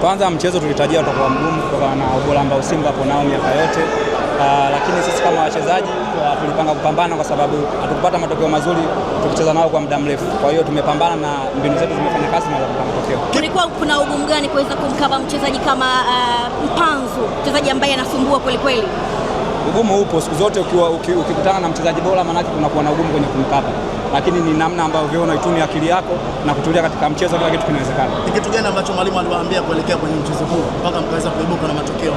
Kwanza mchezo tulitarajia utakuwa mgumu kutokana na ubora ambao Simba hapo nao miaka yote. Uh, lakini sisi kama wachezaji uh, tulipanga kupambana kwa sababu hatukupata matokeo mazuri tukicheza nao kwa muda mrefu. Kwa hiyo tumepambana na mbinu zetu zimefanya kazi na kupata matokeo. Kulikuwa kuna ugumu gani kuweza kumkaba mchezaji kama uh, Mpanzu, mchezaji ambaye anasumbua kweli kweli? Ugumu upo siku zote, ukikutana uki, uki na mchezaji bora, maanake kunakuwa na ugumu kwenye kumkaba lakini ni namna ambavyo unaitumia akili yako na kutulia katika mchezo, kila kitu kinawezekana. Ni kitu gani ambacho mwalimu aliwaambia kuelekea kwenye mchezo huu mpaka mkaweza kuibuka na matokeo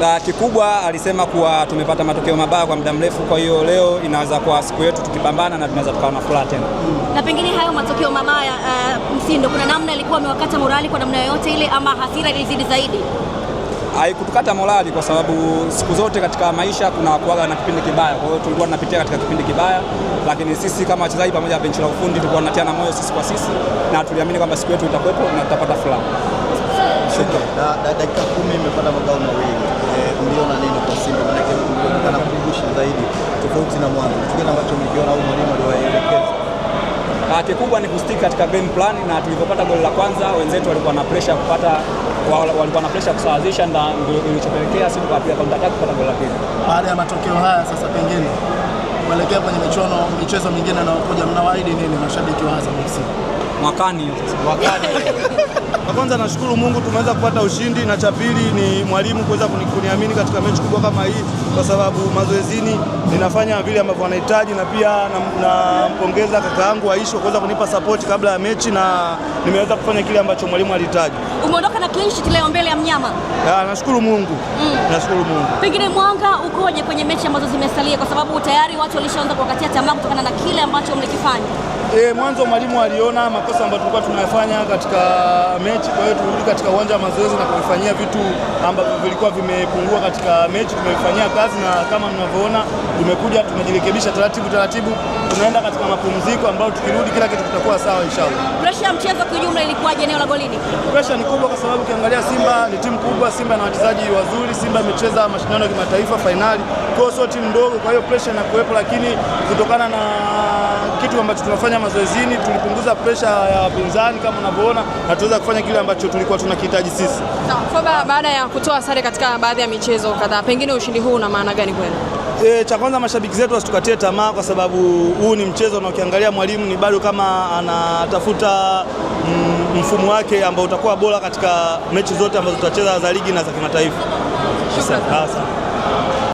Da, kikubwa alisema kuwa tumepata matokeo mabaya kwa muda mrefu, kwa hiyo leo inaweza kuwa siku yetu tukipambana na tunaweza tukawa na furaha tena. Na pengine hayo matokeo mabaya uh, Msindo, kuna namna ilikuwa amewakata morali kwa namna yoyote ile, ama hasira ilizidi zaidi? Haikutukata morali kwa sababu siku zote katika maisha kuna kuaga na kipindi kibaya, kwa hiyo tulikuwa tunapitia katika kipindi kibaya lakini sisi kama wachezaji pamoja na benchi la ufundi tulikuwa tunatiana moyo sisi kwa sisi, na tuliamini kwamba siku yetu itakuwepo na tutapata furaha. Dakika kumi imepata magao mawili, mliona eh, nini kwa Simba? Maana Maanake mlionekana kurudisha zaidi tofauti na mwanzo, kile ambacho mliona au mwalimu aliwaelekeza ah, kikubwa ni kustiki katika game plan, na tulipopata goli la kwanza wenzetu walikuwa na pressure kupata walikuwa na pressure kusawazisha, ndio ilichopelekea sisi kwa counter attack kupata goli la pili. Baada ya matokeo haya sasa, pengine kuelekea kwenye michuano michezo mingine inayokuja, mnawaahidi nini mashabiki wa Azam FC mwakani? Mwakani kwanza nashukuru Mungu tumeweza kupata ushindi, na cha pili ni mwalimu kuweza kuniamini katika mechi kubwa kama hii kwa sababu mazoezini ninafanya vile ambavyo wanahitaji, na pia nampongeza na kaka yangu Aishi kwa kuweza kunipa support kabla ya mechi, na nimeweza kufanya kile ambacho mwalimu alihitaji. Umeondoka na clean sheet leo mbele ya mnyama. Ah, nashukuru Mungu mm. Nashukuru Mungu. Pengine mwanga ukoje kwenye mechi ambazo zimesalia, kwa sababu tayari watu walishaanza kuwakatia tamaa kutokana na kile ambacho mlikifanya? Eh, mwanzo mwalimu aliona makosa ambayo tulikuwa tunayafanya katika mechi, kwa hiyo tulirudi katika uwanja wa mazoezi na kuvifanyia vitu ambavyo vilikuwa vimepungua katika mechi, tumevifanyia kazi, na kama mnavyoona tumekuja tumejirekebisha taratibu taratibu, tunaenda katika mapumziko ambayo tukirudi kila kitu kitakuwa sawa inshallah. Presha ya mchezo kwa jumla ilikuwaje eneo la golini? Presha ni kubwa kwa sababu ukiangalia Simba ni timu kubwa, Simba na wachezaji wazuri, Simba imecheza mashindano ya kimataifa fainali, kwa hiyo sio timu ndogo, kwa hiyo presha inakuwepo, lakini kutokana na kitu ambacho tunafanya mazoezini, tulipunguza presha ya wapinzani kama unavyoona, na tuweza kufanya kile ambacho tulikuwa tunakihitaji sisi. Foba, baada ya kutoa sare katika baadhi ya michezo kadhaa, pengine ushindi huu una maana gani kwenu? E, cha kwanza mashabiki zetu wasitukatie tamaa, kwa sababu huu ni mchezo na ukiangalia mwalimu ni bado kama anatafuta mm, mfumo wake ambao utakuwa bora katika mechi zote ambazo tutacheza za ligi na za kimataifa. Shukrani.